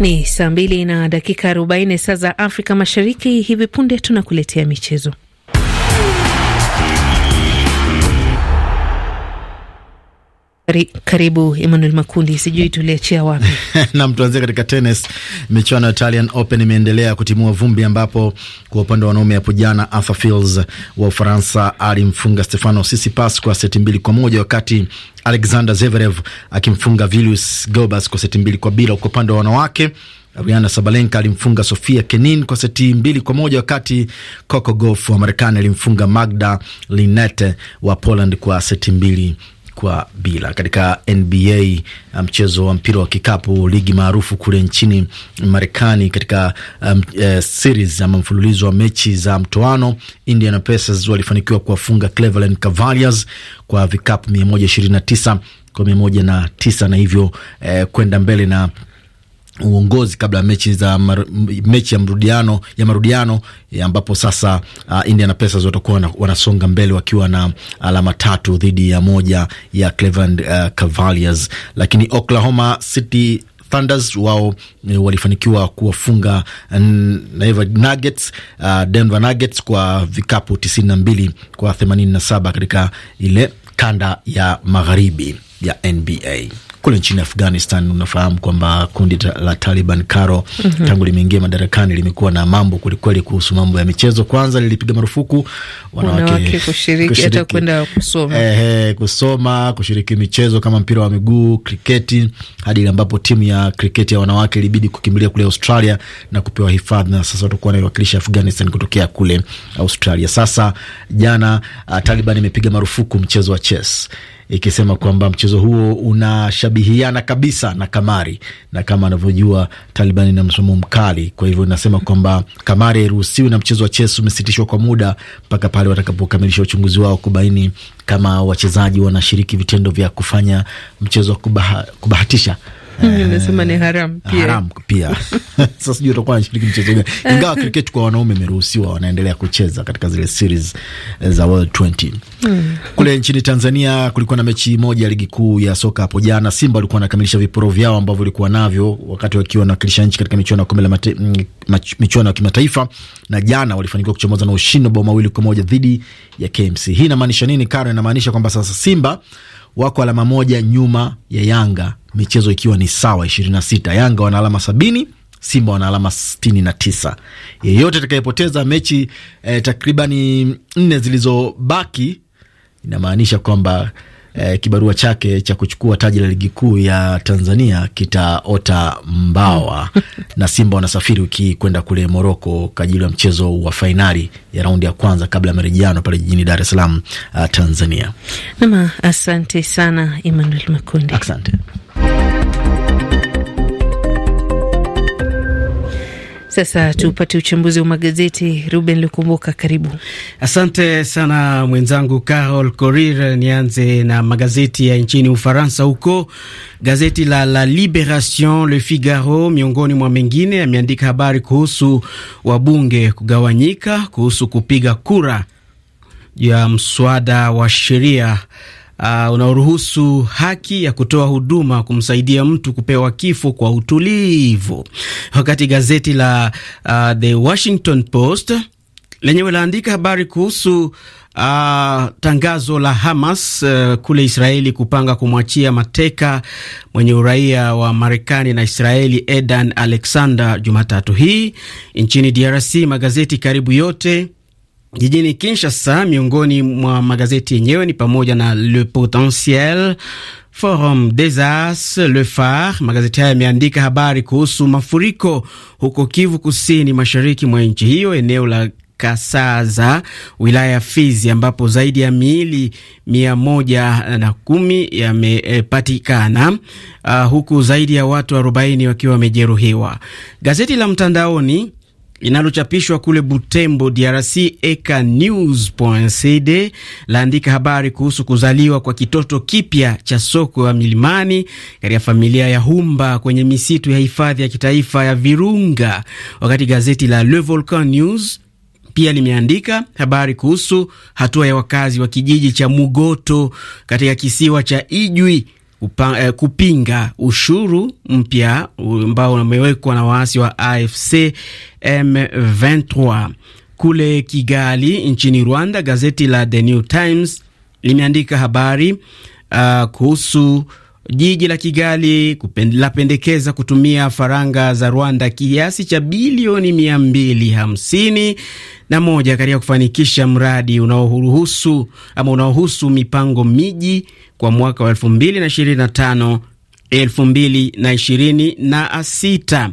Ni saa mbili na dakika arobaini saa za Afrika Mashariki. Hivi punde tunakuletea michezo. Karibu Emmanuel Makundi, sijui tuliachia wapi? Nam, tuanzie katika tenis Michuano ya Italian Open imeendelea kutimua vumbi, ambapo kwa upande wa wanaume hapo jana Arthur Fils wa Ufaransa alimfunga Stefano sisipas kwa seti mbili kwa moja wakati Alexander zeverev akimfunga Vilius Gobas kwa seti mbili kwa bila. Kwa upande wa wanawake Ariana Sabalenka alimfunga Sofia Kenin kwa seti mbili kwa moja wakati Coco Gauff wa Marekani alimfunga Magda Linete wa Poland kwa seti mbili kwa bila. Katika NBA uh, mchezo wa mpira wa kikapu, ligi maarufu kule nchini Marekani, katika um, e, series ama mfululizo wa mechi za mtoano, Indiana Pacers walifanikiwa kuwafunga Cleveland Cavaliers kwa vikapu 129 kwa 109 na hivyo eh, kwenda mbele na uongozi kabla ya mechi za mar, mechi ya marudiano ya marudiano eh, ambapo sasa uh, na Pacers watakuwa wanasonga mbele wakiwa na alama tatu dhidi ya moja ya Cleveland uh, Cavaliers, lakini Oklahoma City Thunders wao eh, walifanikiwa kuwafunga Nuggets, uh, Denver Nuggets kwa vikapu 92 kwa 87 katika ile kanda ya magharibi ya NBA kule nchini Afghanistan. Unafahamu kwamba kundi la Taliban Karo mm -hmm. tangu limeingia madarakani limekuwa na mambo kwelikweli kuhusu mambo ya michezo. Kwanza lilipiga marufuku wanawake kushiriki, kushiriki, hata kwenda kusoma. Ehe, kusoma, kushiriki michezo kama mpira wa miguu, kriketi, hadi ile ambapo timu ya kriketi ya wanawake ilibidi kukimbilia kule Australia na kupewa hifadhi, na sasa watakuwa wanaiwakilisha Afghanistan kutokea kule Australia. Sasa jana uh, Taliban imepiga marufuku mchezo wa chess ikisema kwamba mchezo huo unashabihiana kabisa na kamari, na kama anavyojua Taliban ina msimamo mkali. Kwa hivyo inasema kwamba kamari hairuhusiwi na mchezo wa chess umesitishwa kwa muda mpaka pale watakapokamilisha uchunguzi wao kubaini kama wachezaji wanashiriki vitendo vya kufanya mchezo wa kubaha, kubahatisha nimesema ni haram pia, haram pia. Sasa sijui utakuwa anashiriki mchezo gani, ingawa cricket kwa wanaume imeruhusiwa, wanaendelea kucheza katika zile series eh, za World 20. Hmm. Kule nchini Tanzania kulikuwa na mechi moja ya ligi kuu ya soka hapo jana. Simba walikuwa wanakamilisha viporo vyao ambavyo walikuwa navyo wakati wakiwa wanawakilisha nchi katika michuano ya kombe la mm, michuano ya kimataifa, na jana walifanikiwa kuchomoza na ushindi bao mawili kwa moja dhidi ya KMC. Hii inamaanisha nini? Karo, inamaanisha kwamba sasa Simba wako alama moja nyuma ya Yanga, michezo ikiwa ni sawa 26. Yanga wana alama sabini, Simba wana alama sitini na tisa. Yeyote atakayepoteza mechi eh, takribani nne zilizobaki inamaanisha kwamba eh, kibarua chake cha kuchukua taji la ligi kuu ya Tanzania kitaota mbawa na Simba wanasafiri wiki hii kwenda kule Moroko kwa ajili ya mchezo wa fainali ya raundi ya kwanza kabla ya marejeano pale jijini Dar es Salaam, uh, Tanzania. Nama, asante sana Emmanuel Makundi, asante. Sasa tupate uchambuzi wa magazeti. Ruben Lukumbuka, karibu. Asante sana mwenzangu Carol corir Nianze na magazeti ya nchini Ufaransa. Huko gazeti la La Liberation, Le Figaro miongoni mwa mengine ameandika habari kuhusu wabunge kugawanyika kuhusu kupiga kura ya mswada wa sheria uh, unaoruhusu haki ya kutoa huduma kumsaidia mtu kupewa kifo kwa utulivu, wakati gazeti la uh, The Washington Post lenyewe laandika habari kuhusu uh, tangazo la Hamas uh, kule Israeli kupanga kumwachia mateka mwenye uraia wa Marekani na Israeli Edan Alexander Jumatatu hii. Nchini DRC magazeti karibu yote Jijini Kinshasa, miongoni mwa magazeti yenyewe ni pamoja na Le Potentiel, Forum des As, Le Phare. Magazeti haya yameandika habari kuhusu mafuriko huko Kivu Kusini, mashariki mwa nchi hiyo, eneo la Kasaza, wilaya ya Fizi, ambapo zaidi ya miili mia moja na kumi yamepatikana, uh, huku zaidi ya watu arobaini wakiwa wamejeruhiwa. Gazeti la mtandaoni linalochapishwa kule Butembo, DRC, Eka News.cd laandika habari kuhusu kuzaliwa kwa kitoto kipya cha soko ya milimani katika familia ya Humba kwenye misitu ya hifadhi ya kitaifa ya Virunga, wakati gazeti la Le Volcan News pia limeandika habari kuhusu hatua ya wakazi wa kijiji cha Mugoto katika kisiwa cha Ijwi upa, eh, kupinga ushuru mpya ambao umewekwa na waasi wa AFC M23. Kule Kigali nchini Rwanda, gazeti la The New Times limeandika habari uh, kuhusu Jiji la Kigali lapendekeza kutumia faranga za Rwanda kiasi cha bilioni 250 na moja katika kufanikisha mradi unaohusu ama unaohusu mipango miji kwa mwaka wa 2025 elfu mbili na ishirini na sita.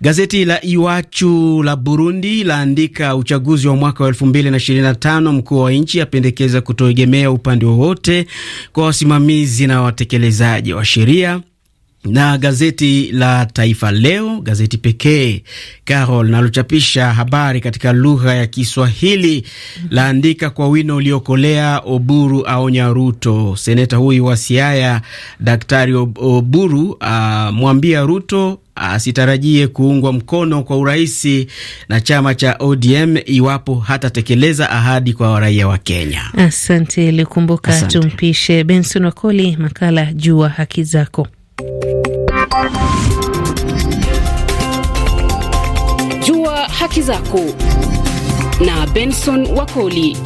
Gazeti la Iwachu la Burundi laandika uchaguzi wa mwaka wa elfu mbili na ishirini na tano, mkuu wa nchi apendekeza kutoegemea upande wowote kwa wasimamizi na watekelezaji wa sheria na gazeti la Taifa Leo, gazeti pekee Carol linalochapisha habari katika lugha ya Kiswahili laandika kwa wino uliokolea, Oburu aonya Ruto. Seneta huyu wa Siaya, Daktari Oburu amwambia Ruto asitarajie kuungwa mkono kwa urahisi na chama cha ODM iwapo hatatekeleza ahadi kwa raia wa Kenya. Asante likumbuka, tumpishe Benson Wakoli, makala Jua Haki Zako. Jua haki zako na Benson Wakoli.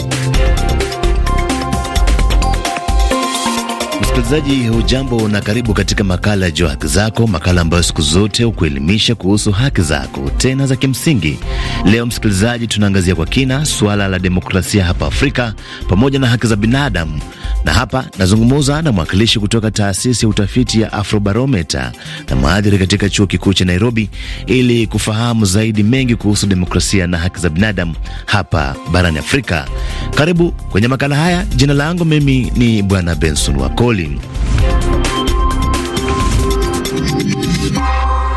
Msikilizaji hujambo na karibu katika makala ya Jua Haki Zako, makala ambayo siku zote hukuelimisha kuhusu haki zako tena za kimsingi. Leo msikilizaji, tunaangazia kwa kina suala la demokrasia hapa Afrika pamoja na haki za binadamu na hapa nazungumza na mwakilishi kutoka taasisi ya utafiti ya Afrobarometa na mhadhiri katika chuo kikuu cha Nairobi ili kufahamu zaidi mengi kuhusu demokrasia na haki za binadamu hapa barani Afrika. Karibu kwenye makala haya. Jina langu mimi ni Bwana Benson Wakoli.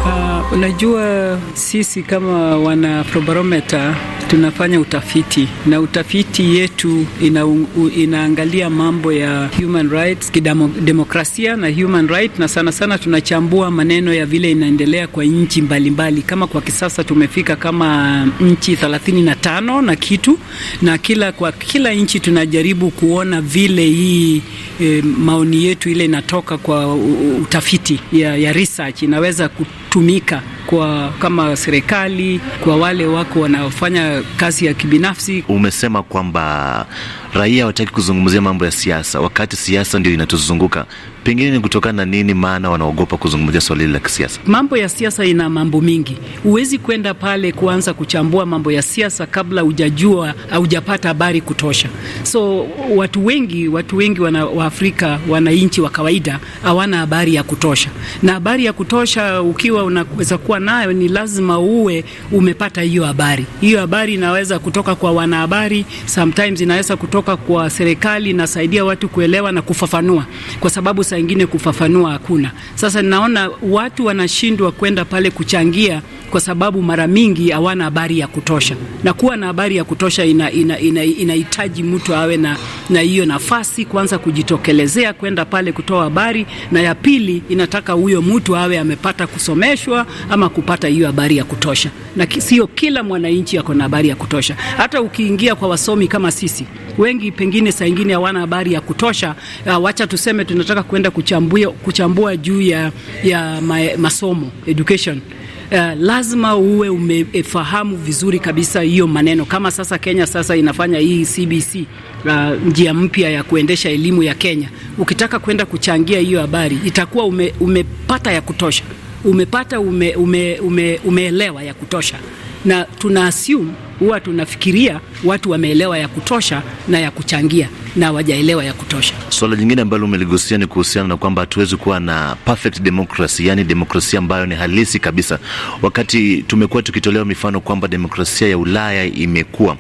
Uh, unajua, sisi kama wana Afrobarometa tunafanya utafiti na utafiti yetu ina, inaangalia mambo ya human rights, kidemokrasia na human right, na sana sana tunachambua maneno ya vile inaendelea kwa nchi mbalimbali. Kama kwa kisasa tumefika kama nchi 35 na kitu, na kila kwa kila nchi tunajaribu kuona vile hii e, maoni yetu ile inatoka kwa utafiti ya, ya research inaweza kutumika kwa kama serikali, kwa wale wako wanaofanya kazi ya kibinafsi. Umesema kwamba raia hawataki kuzungumzia mambo ya siasa, wakati siasa ndio inatuzunguka. Pengine ni kutokana na nini? Maana wanaogopa kuzungumzia swala hili la kisiasa. Mambo ya siasa ina mambo mingi, huwezi kwenda pale kuanza kuchambua mambo ya siasa kabla hujajua au hujapata habari kutosha. So watu wengi, watu wengi wana, wa Afrika, wananchi wa kawaida hawana habari ya kutosha, na habari ya kutosha ukiwa unaweza kuwa nayo ni lazima uwe umepata hiyo habari. Hiyo habari inaweza kutoka kwa wanahabari, sometimes inaweza kutoka kutoka kwa serikali inasaidia watu kuelewa na kufafanua, kwa sababu saa ingine kufafanua hakuna. Sasa naona watu wanashindwa kwenda pale kuchangia kwa sababu mara mingi hawana habari ya kutosha, na kuwa na habari ya kutosha inahitaji ina, ina, ina mtu awe na na hiyo nafasi kwanza kujitokelezea kwenda pale kutoa habari, na ya pili inataka huyo mtu awe amepata kusomeshwa ama kupata hiyo habari ya kutosha, na sio kila mwananchi ako na habari ya kutosha. Hata ukiingia kwa wasomi kama sisi wengi pengine saa ingine hawana habari ya kutosha. Uh, wacha tuseme tunataka kuenda kuchambua, kuchambua juu ya, ya ma, masomo education. Uh, lazima uwe umefahamu vizuri kabisa hiyo maneno. Kama sasa Kenya sasa inafanya hii CBC uh, ah, njia mpya ya kuendesha elimu ya Kenya. Ukitaka kwenda kuchangia hiyo habari itakuwa ume, umepata ya kutosha, umepata ume, ume, ume, umeelewa ya kutosha na tuna assume huwa tunafikiria watu wameelewa ya kutosha na ya kuchangia na wajaelewa ya kutosha. Swala jingine ambalo umeligusia ni kuhusiana na kwamba hatuwezi kuwa na perfect democracy, yani demokrasia ambayo ni halisi kabisa, wakati tumekuwa tukitolewa mifano kwamba demokrasia ya Ulaya imekuwa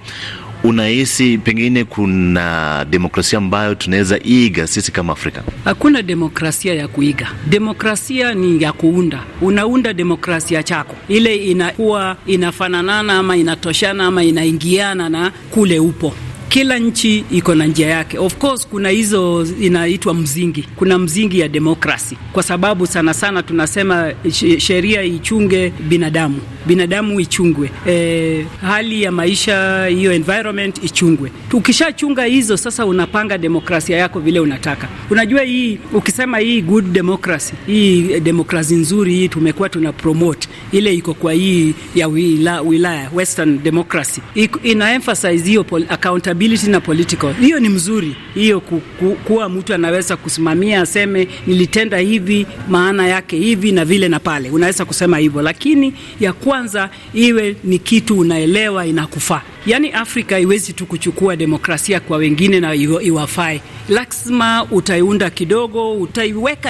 Unahisi pengine kuna demokrasia ambayo tunaweza iga sisi kama Afrika? Hakuna demokrasia ya kuiga. Demokrasia ni ya kuunda, unaunda demokrasia chako, ile inakuwa inafananana ama inatoshana ama inaingiana na kule upo. Kila nchi iko na njia yake. Of course kuna hizo inaitwa mzingi, kuna mzingi ya demokrasi, kwa sababu sana sana tunasema sheria ichunge binadamu, binadamu ichungwe, e, hali ya maisha hiyo environment ichungwe. Ukishachunga hizo sasa, unapanga demokrasia yako vile unataka. Unajua hii ukisema hii good democracy, hii demokrasi nzuri hii tumekuwa tuna promote ile iko kwa hii ya wilaya, wilaya western democracy ina emphasize hiyo accountability stability na political. Hiyo ni mzuri, hiyo ku, ku, kuwa mtu anaweza kusimamia aseme nilitenda hivi, maana yake hivi na vile na pale, unaweza kusema hivyo, lakini ya kwanza iwe ni kitu unaelewa inakufaa. Yaani Afrika haiwezi tu kuchukua demokrasia kwa wengine na iwafae, lazima utaiunda kidogo, utaiweka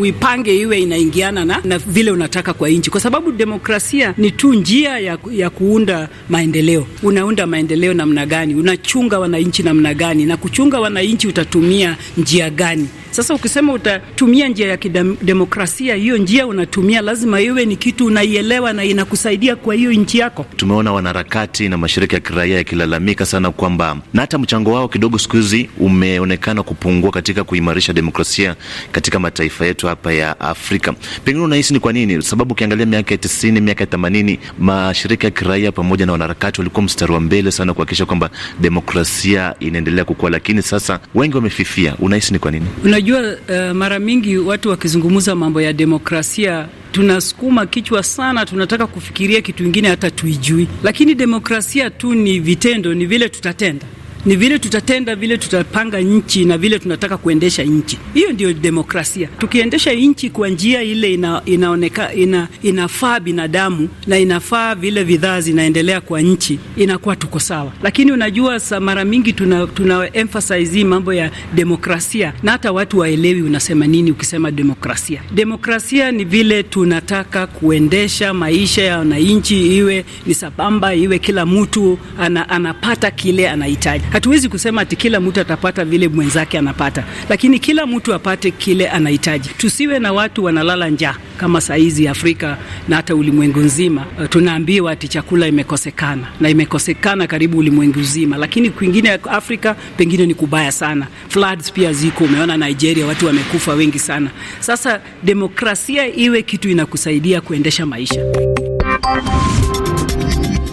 uipange iwe inaingiana na, na vile unataka kwa nchi, kwa sababu demokrasia ni tu njia ya, ya kuunda maendeleo. Unaunda maendeleo namna gani? Unachunga wananchi namna gani? Na kuchunga wananchi utatumia njia gani? Sasa ukisema utatumia njia ya kidemokrasia, hiyo njia unatumia lazima iwe ni kitu unaielewa na inakusaidia kwa hiyo nchi yako. Tumeona wanaharakati na mashirika ya raia yakilalamika sana kwamba na hata mchango wao kidogo siku hizi umeonekana kupungua katika kuimarisha demokrasia katika mataifa yetu hapa ya Afrika. Pengine unahisi ni kwa nini? Sababu ukiangalia miaka ya tisini, miaka ya themanini, mashirika ya kiraia pamoja na wanaharakati walikuwa mstari wa mbele sana kuhakikisha kwamba demokrasia inaendelea kukua, lakini sasa wengi wamefifia. Unahisi ni kwa nini? Unajua, uh, mara mingi watu wakizungumza mambo ya demokrasia tunasukuma kichwa sana, tunataka kufikiria kitu kingine hata tuijui, lakini demokrasia tu ni vitendo, ni vile tutatenda ni vile tutatenda, vile tutapanga nchi na vile tunataka kuendesha nchi. Hiyo ndio demokrasia. Tukiendesha nchi kwa njia ile ina, inaoneka, ina, inafaa binadamu na inafaa vile vidhaa zinaendelea kwa nchi, inakuwa tuko sawa. Lakini unajua mara mingi tuna, tuna emphasize mambo ya demokrasia na hata watu waelewi unasema nini ukisema demokrasia. Demokrasia ni vile tunataka kuendesha maisha ya wananchi, iwe ni sabamba, iwe kila mtu ana, anapata kile anahitaji Hatuwezi kusema ati kila mtu atapata vile mwenzake anapata, lakini kila mtu apate kile anahitaji. Tusiwe na watu wanalala njaa kama saa hizi Afrika na hata ulimwengu nzima. Uh, tunaambiwa ati chakula imekosekana na imekosekana karibu ulimwengu nzima, lakini kwingine Afrika pengine ni kubaya sana. Floods pia ziko, umeona Nigeria watu wamekufa wengi sana. Sasa demokrasia iwe kitu inakusaidia kuendesha maisha.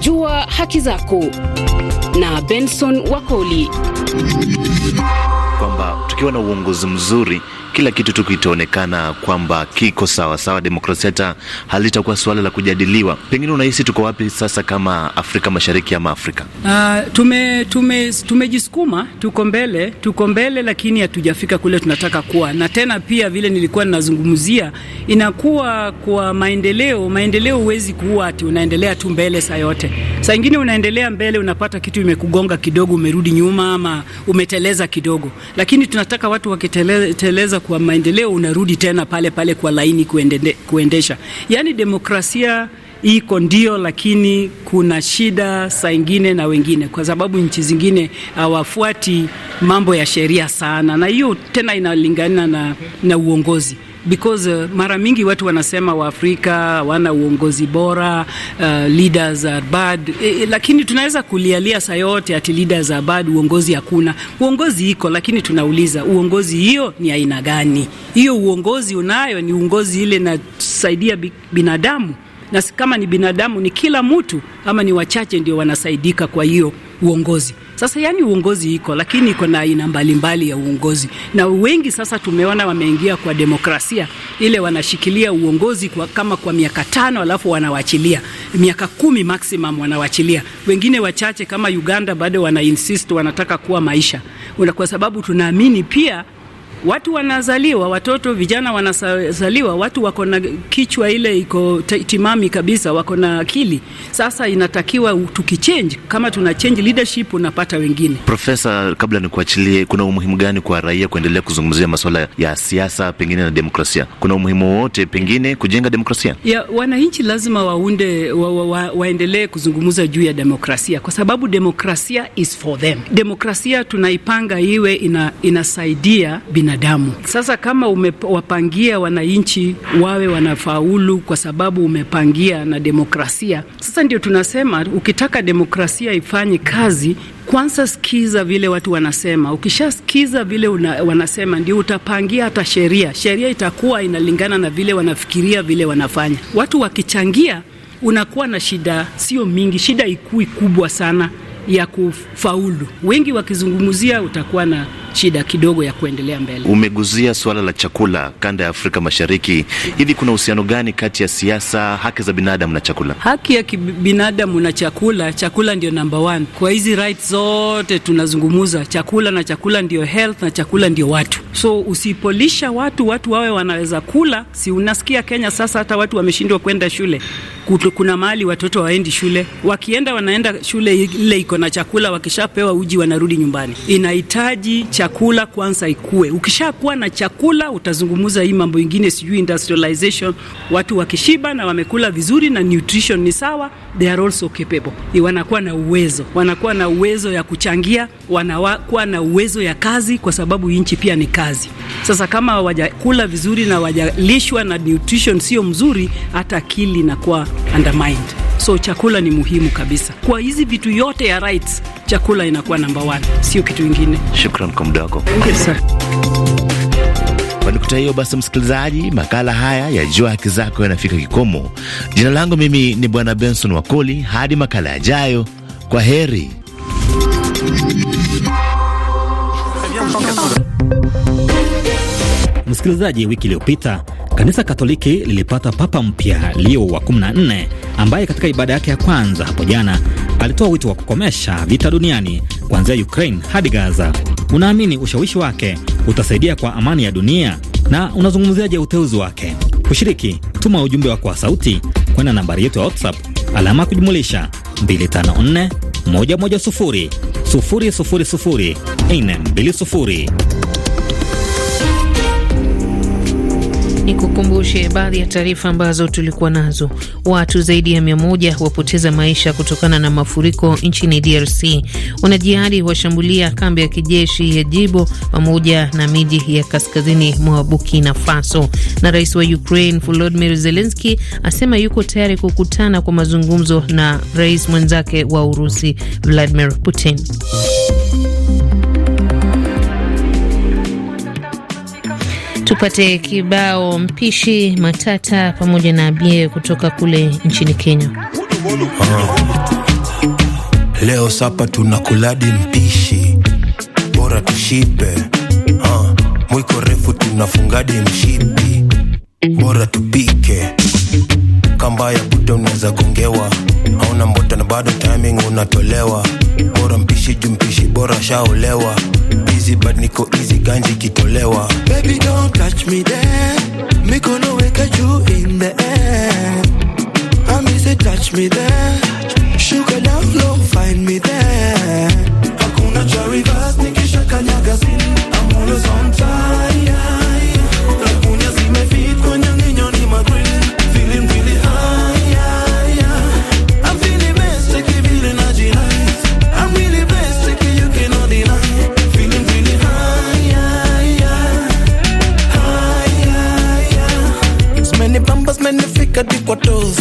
Jua haki zako na Benson Wakoli kwamba tukiwa na uongozi mzuri kila kitu tu kitaonekana kwamba kiko sawa sawa, demokrasia halitakuwa suala la kujadiliwa. Pengine unahisi tuko wapi sasa kama Afrika Mashariki ama Afrika? Uh, tume tumejisukuma, tuko mbele, tuko mbele, lakini hatujafika kule tunataka kuwa. Na tena pia vile nilikuwa ninazungumzia, inakuwa kwa maendeleo. Maendeleo huwezi kuwa ati unaendelea tu mbele saa yote. Saa ingine unaendelea mbele, unapata kitu imekugonga kidogo, umerudi nyuma ama umeteleza kidogo, lakini tunataka watu wakiteleza kwa maendeleo unarudi tena pale pale kwa laini kuendende, kuendesha. Yaani demokrasia iko ndio, lakini kuna shida saa ingine na wengine, kwa sababu nchi zingine hawafuati mambo ya sheria sana, na hiyo tena inalingana na, na uongozi because uh, mara mingi watu wanasema Waafrika hawana uongozi bora, uh, leaders are bad e, e, lakini tunaweza kulialia saa yote ati leaders are bad, uongozi hakuna. Uongozi iko, lakini tunauliza uongozi hiyo ni aina gani? Hiyo uongozi unayo ni uongozi ile inasaidia binadamu? Na kama ni binadamu, ni kila mtu ama ni wachache ndio wanasaidika? Kwa hiyo uongozi. Sasa yani uongozi iko, lakini iko na aina mbalimbali ya uongozi, na wengi sasa tumeona wameingia kwa demokrasia ile, wanashikilia uongozi kwa, kama kwa miaka tano alafu wanawachilia miaka kumi maximum wanawachilia. Wengine wachache kama Uganda bado wana insist wanataka kuwa maisha una, kwa sababu tunaamini pia watu wanazaliwa, watoto vijana wanazaliwa, watu wako na kichwa ile iko timami kabisa, wako na akili. Sasa inatakiwa tukichange, kama tuna change leadership, unapata wengine. Profesa, kabla nikuachilie, kuna umuhimu gani kwa raia kuendelea kuzungumzia masuala ya siasa pengine na demokrasia? Kuna umuhimu wowote pengine kujenga demokrasia ya wananchi? Lazima waunde wa, wa, wa, waendelee kuzungumza juu ya demokrasia, kwa sababu demokrasia is for them. Demokrasia tunaipanga iwe ina, inasaidia bina binadamu. Sasa kama umewapangia wananchi wawe wanafaulu kwa sababu umepangia na demokrasia, sasa ndio tunasema ukitaka demokrasia ifanye kazi kwanza sikiza vile watu wanasema. Ukishasikiza vile una, wanasema ndio utapangia hata sheria. Sheria itakuwa inalingana na vile wanafikiria, vile wanafanya. Watu wakichangia, unakuwa na shida sio mingi, shida ikui kubwa sana ya kufaulu. Wengi wakizungumzia, utakuwa na shida kidogo ya kuendelea mbele. Umeguzia suala la chakula kanda ya Afrika Mashariki. Hivi kuna uhusiano gani kati ya siasa, haki za binadamu na chakula? Haki ya binadamu na chakula, chakula ndio namba one kwa hizi rights zote tunazungumuza, chakula na chakula ndio health na chakula ndio watu. So usipolisha watu, watu wawe wanaweza kula. Si unasikia Kenya sasa hata watu wameshindwa kwenda shule Kutu, kuna mahali watoto waendi shule, wakienda wanaenda shule ile iko na chakula, wakishapewa uji wanarudi nyumbani. Inahitaji chakula kwanza ikue. Ukishakuwa na chakula utazungumza hii mambo ingine, sijui industrialization, watu wakishiba na wamekula vizuri na nutrition ni sawa, they are also capable, wanakuwa na uwezo, wanakuwa na uwezo ya kuchangia, wanakuwa na uwezo ya kazi, kwa sababu nchi pia ni kazi. Sasa kama hawajakula vizuri na wajalishwa na nutrition sio mzuri, hata akili inakuwa undermined. So chakula ni muhimu kabisa kwa hizi vitu yote ya rights, chakula inakuwa namba one, sio kitu ingine. Shukran kwa muda wako. Kwa nukta hiyo basi, msikilizaji, makala haya ya Jua Haki Zako yanafika kikomo. Jina langu mimi ni Bwana Benson Wakoli, hadi makala yajayo, kwa heri. Msikilizaji, wiki iliyopita kanisa Katoliki lilipata papa mpya Leo wa 14 ambaye katika ibada yake ya kwanza hapo jana alitoa wito wa kukomesha vita duniani kuanzia Ukraine hadi Gaza. Unaamini ushawishi wake utasaidia kwa amani ya dunia na unazungumziaje uteuzi wake? Kushiriki, tuma ujumbe wako wa sauti kwenda nambari yetu ya WhatsApp alama kujumulisha 254 110 000 Ni kukumbushe baadhi ya taarifa ambazo tulikuwa nazo. Watu zaidi ya mia moja wapoteza maisha kutokana na mafuriko nchini DRC. Wanajihadi washambulia kambi ya kijeshi ya Jibo pamoja na miji ya kaskazini mwa Burkina Faso. Na rais wa Ukraine volodimir zelenski asema yuko tayari kukutana kwa mazungumzo na rais mwenzake wa Urusi Vladimir Putin. tupate kibao mpishi Matata pamoja na Abie kutoka kule nchini Kenya. Oh. Leo sapa tunakuladi mpishi bora tushipe uh. Ah. Mwiko refu tunafungadi mshipi bora tupike kamba ya buta unaweza gongewa hauna mbota na bado timing unatolewa bora mpishi jumpishi bora shaolewa busy but niko easy ganji kitolewa. Baby don't touch me there, mikono weka juu in the air. I miss touch me there, sugar down low, find me there. Hakuna cha reverse nikishakanyaga sina Nilifika dikwa toes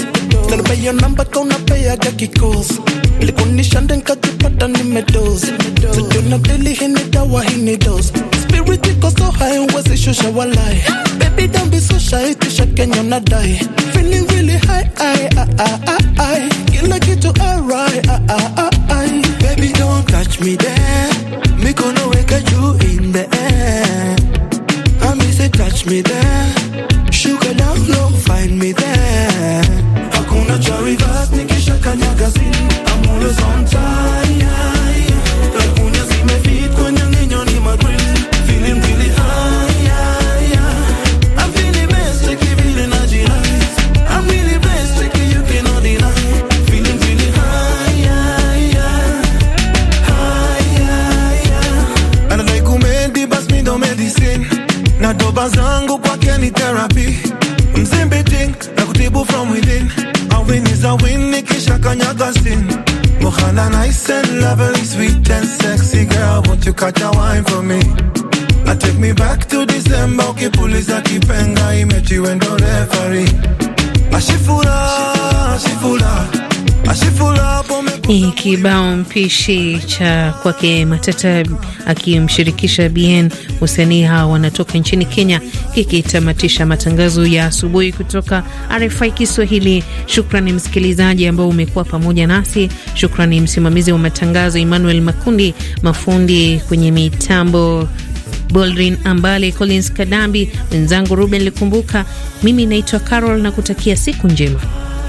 Nalobea hiyo namba kwa unapeaga kikosi Ilikunisha ndenka jipata nimedoze Sijona dili hii ni dawa hii ni dose Spirit iko so high huwezi shusha walai Baby don't be so shy tisha Kenya die. Feeling really high I, I, I, I, I. Kila kitu alright I, I, I, I. Baby don't touch me there Mikono weka juu in the air Amisi touch me there you could now go find me there. me I take me back to December, ukipuliza kipenga imetiwendo refari ashifura ashifura ni kibao mpishi cha kwake Matata akimshirikisha Bien. Wasanii hawa wanatoka nchini Kenya, kikitamatisha matangazo ya asubuhi kutoka RFI Kiswahili. Shukrani msikilizaji ambao umekuwa pamoja nasi. Shukrani msimamizi wa matangazo Emmanuel Makundi, mafundi kwenye mitambo Boldrin Ambale, Collins Kadambi, mwenzangu Ruben Likumbuka. Mimi naitwa Carol na kutakia siku njema.